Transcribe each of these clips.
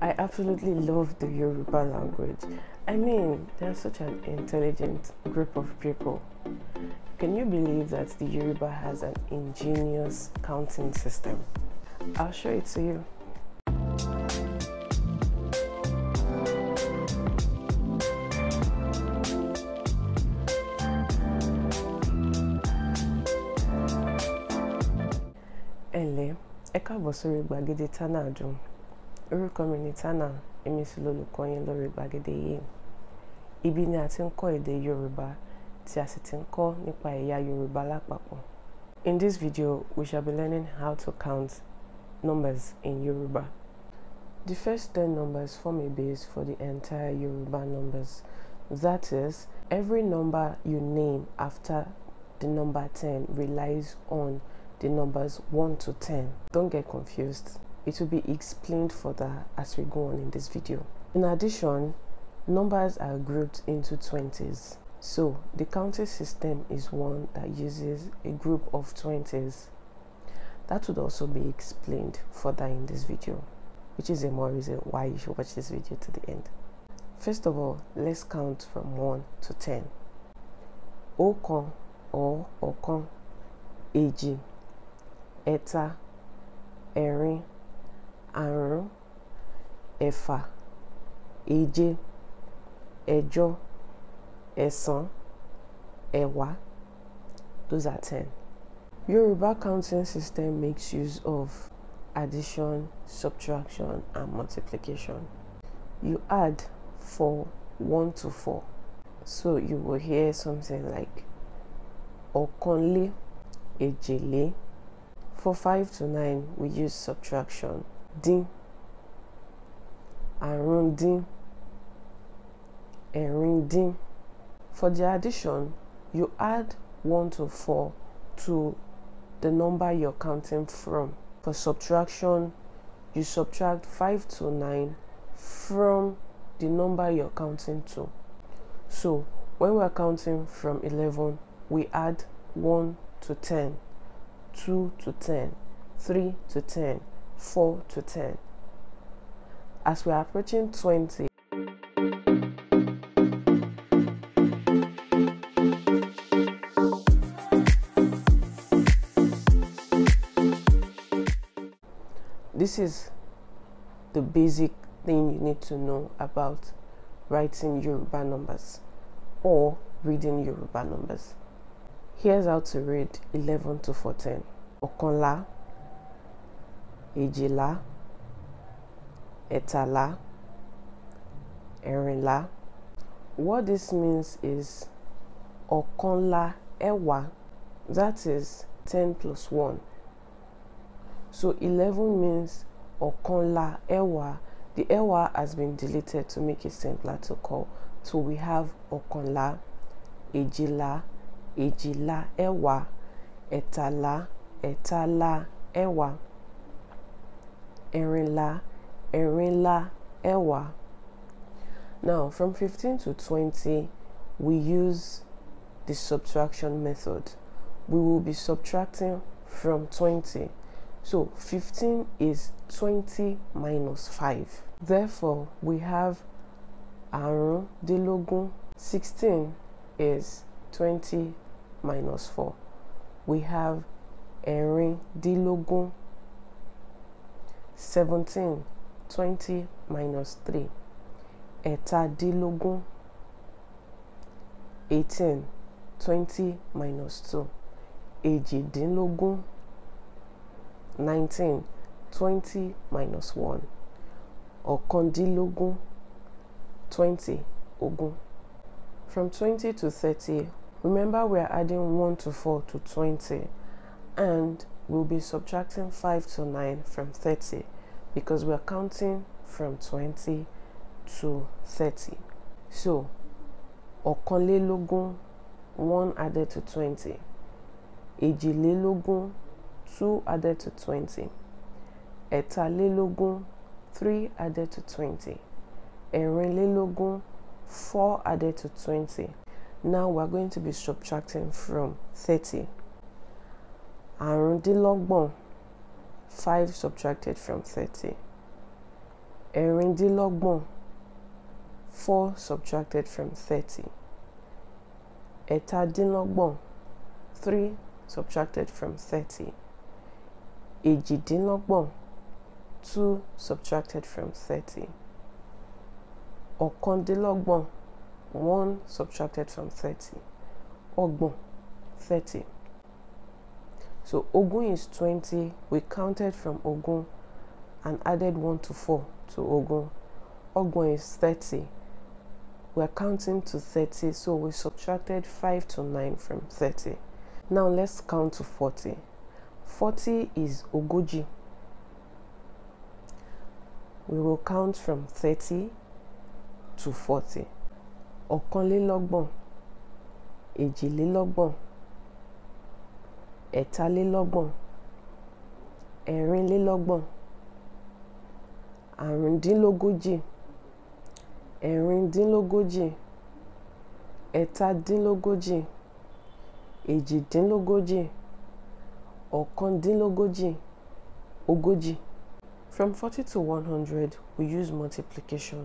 I absolutely love the Yoruba language. I mean, they are such an intelligent group of people. Can you believe that the Yoruba has an ingenious counting system? I'll show it to you. Ele, Eka Bosori Gbagede Tanadun orúkọ mi ni Tana èmi sì lolùkọ́ yín lórí gbàgede ibi ni a ti ń kọ́ èdè Yorùbá tí a sì ti ń kọ́ nípa ẹ̀yà Yorùbá lápapọ̀. In this video we shall be learning how to count numbers in Yorùbá. The first ten numbers form a base for the entire Yorùbá numbers. That is, every number you name after the number ten relies on the numbers 1 to 10. Don't get confused. It will be explained further as we go on in this video. In addition, numbers are grouped into 20s. So the counting system is one that uses a group of 20s. That would also be explained further in this video, which is a more reason why you should watch this video to the end. First of all, let's count from 1 to 10. Okon or Okon èjì, ẹ̀ta, ẹ̀rin, àrún ẹ̀fà èje ẹ̀jọ ẹ̀sán ẹ̀wá those are ten. Yoruba counting system makes use of addition, subtraction, and multiplication. You add for one to four, So you will hear something like Okonle, Ejele. For five to nine, we use subtraction. dín àrún dín ẹ̀rin dín. For the addition, you add 1 to 4 to the number you're counting from. For subtraction, you subtract 5 to 9 from the number you're counting to. So, when we're counting from 11, we add 1 to 10, 2 to 10, 3 to 10, 4 to 10. As we are approaching 20, this is the basic thing you need to know about writing Yoruba numbers or reading Yoruba numbers. Here's how to read 11 to 14. Okonla. Ejila, etala, erinla. What this means is ọ̀kànlá ewa. that is ten plus one. So eleven means ọ̀kànlá ewa. The ewa has been deleted to make it simpler to call. So we have ọ̀kànlá, ejila, ejila ewa, etala, etala ewa. ẹ̀rìnlá ẹ̀rìnlá ẹ̀wá. Now from 15 to 20 we use the subtraction method. We will be subtracting from 20. So 15 is 20 minus 5. Therefore, we have àrúndínlógún. 16 is 20 minus 4. We have ẹ̀rìndínlógún. seventeen twenty minus three ẹ̀tàdínlógún eighteen twenty minus two èjìdínlógún nineteen twenty minus one ọ̀kàndínlógún twenty ogún. From twenty to thirty, remember we are adding one to four to twenty and we'll be subtracting 5 to 9 from 30 because we're counting from 20 to 30. So, logun 1 added to 20. logun 2 added to 20. logun 3 added to 20. logun 4 added to 20. Now we're going to be subtracting from 30. àrùndínlọ́gbọ̀n five subtracted from thirty ẹ̀rìndínlọ́gbọ̀n four subtracted from thirty ẹ̀tàdínlọ́gbọ̀n three subtracted from thirty èjìdínlọ́gbọ̀n two subtracted from thirty ọ̀kàndínlọ́gbọ̀n one subtracted from thirty ọgbọ̀n thirty. So Ogun is 20. We counted from Ogun and added 1 to 4 to Ogun. Ogun is 30. We are counting to 30, so we subtracted 5 to 9 from 30. Now let's count to 40. 40 is Ogoji. We will count from 30 to 40. Ejile logbon ẹ̀tàlélọ́gbọ̀n ẹ̀rìnlélọ́gbọ̀n àrùndínlógójì ẹ̀rìndínlógójì ẹ̀tàdínlógójì èjìdínlógójì ọ̀kàndínlógójì ogójì. From forty to one hundred, we use multiplication.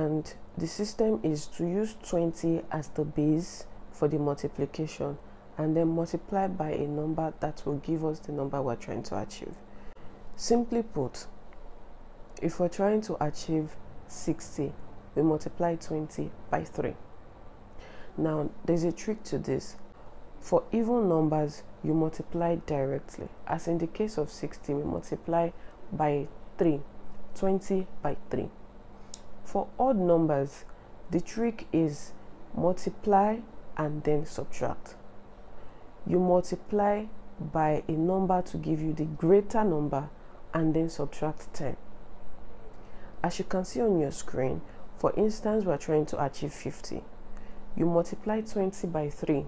And the system is to use twenty as the base for the multiplication and then multiply by a number that will give us the number we're trying to achieve. Simply put, if we're trying to achieve 60, we multiply 20 by 3. Now, there's a trick to this. For even numbers, you multiply directly. As in the case of 60, we multiply by 3, 20 by 3. For odd numbers, the trick is multiply and then subtract you multiply by a number to give you the greater number and then subtract 10. As you can see on your screen, for instance, we are trying to achieve 50. You multiply 20 by 3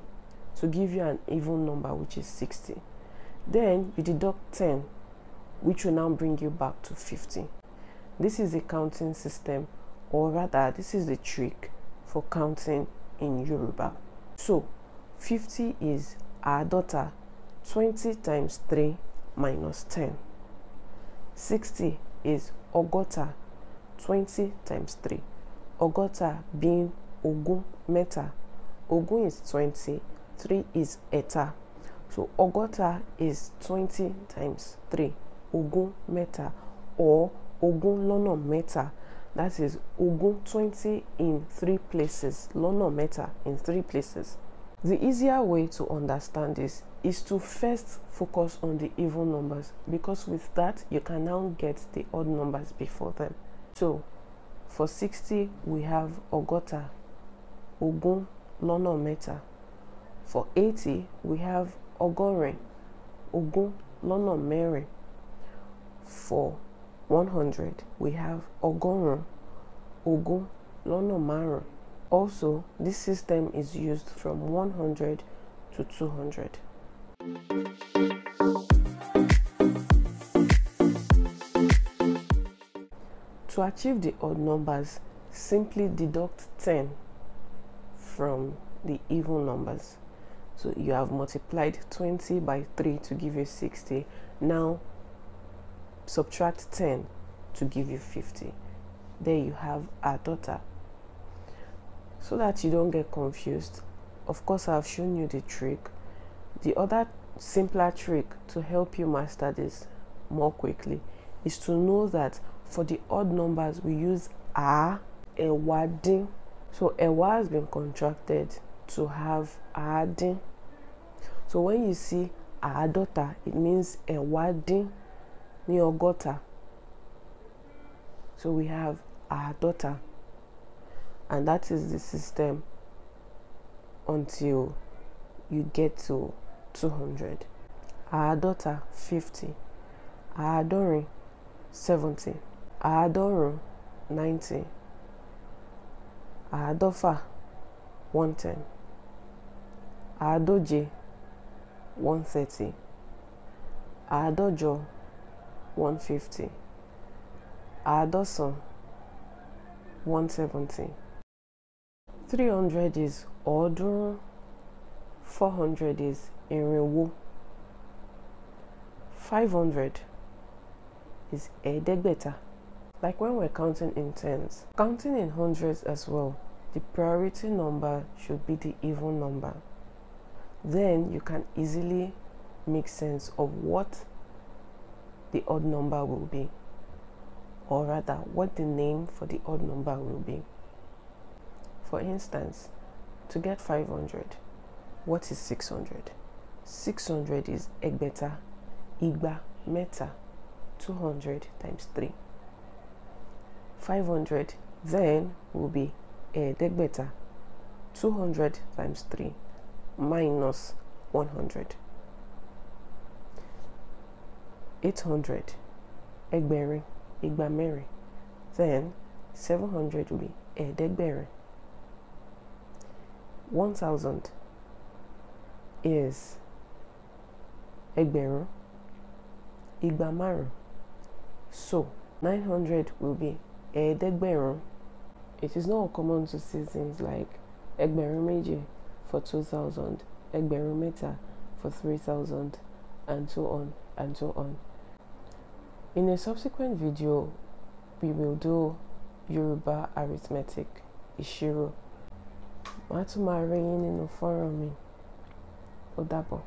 to give you an even number, which is 60. Then you deduct 10, which will now bring you back to 50. This is the counting system, or rather, this is the trick for counting in Yoruba. So, 50 is Our daughter, twenty times three minus ten sixty is ogota. twenty times three Ogota being ogún meta. ogún is twenty three is eta. so ogota is twenty times three ogún meta or ogún lono meta. that is ogún twenty in three places Lono meta in three places. The easier way to understand this is to first focus on the even numbers because with that you can now get the odd numbers before them. So for 60 we have Ogota, Ogun, Lono Meta. For 80 we have Ogore, Ogun, Lono Mary. For 100 we have Ogorun, Ogun, Lono also, this system is used from 100 to 200. To achieve the odd numbers, simply deduct 10 from the even numbers. So you have multiplied 20 by 3 to give you 60. Now subtract 10 to give you 50. There you have our daughter so that you don't get confused of course I've shown you the trick the other simpler trick to help you master this more quickly is to know that for the odd numbers we use a ewadi so ewa has been contracted to have aadin so when you see a daughter, it means ewadin ni ogota so we have a daughter. and that is the system until you get to 200 àádọ́ta 50 àádọ́rin 70 àádọ́rùn 90 àádọ́fà 110 àádóje 130 àádọ́jọ 150 àádọ́sán 170 300 is ọ̀ọ́dúnrún 400 is irinwó 500 is ẹ̀ẹ́dẹ́gbẹ̀ta like when we're counting in tens counting in hundreds as well the priority number should be the even number then you can easily make sense of what the odd number will be or rather what the name for the odd number will be for instance, to get 500, what is 600? 600 is egbeta, igba, meta, 200 times 3. 500 then will be edegbeta, 200 times 3 minus 100. 800 egbere, igba mere, then 700 will be edegbere, 1000 is ẹgbẹ̀rún igbamaru so 900 will be ẹ̀ẹ́dẹ́gbẹ̀rún it is not common to see things like ẹgbẹ̀rún méje for 2000 ẹgbẹ̀rún mẹ́ta for 3000 and so on and so on in a subsequent video we will do Yoruba arithmetic Ishiro. màá tún máa rí yín nínú fọ́nrán mi ó dàbọ̀.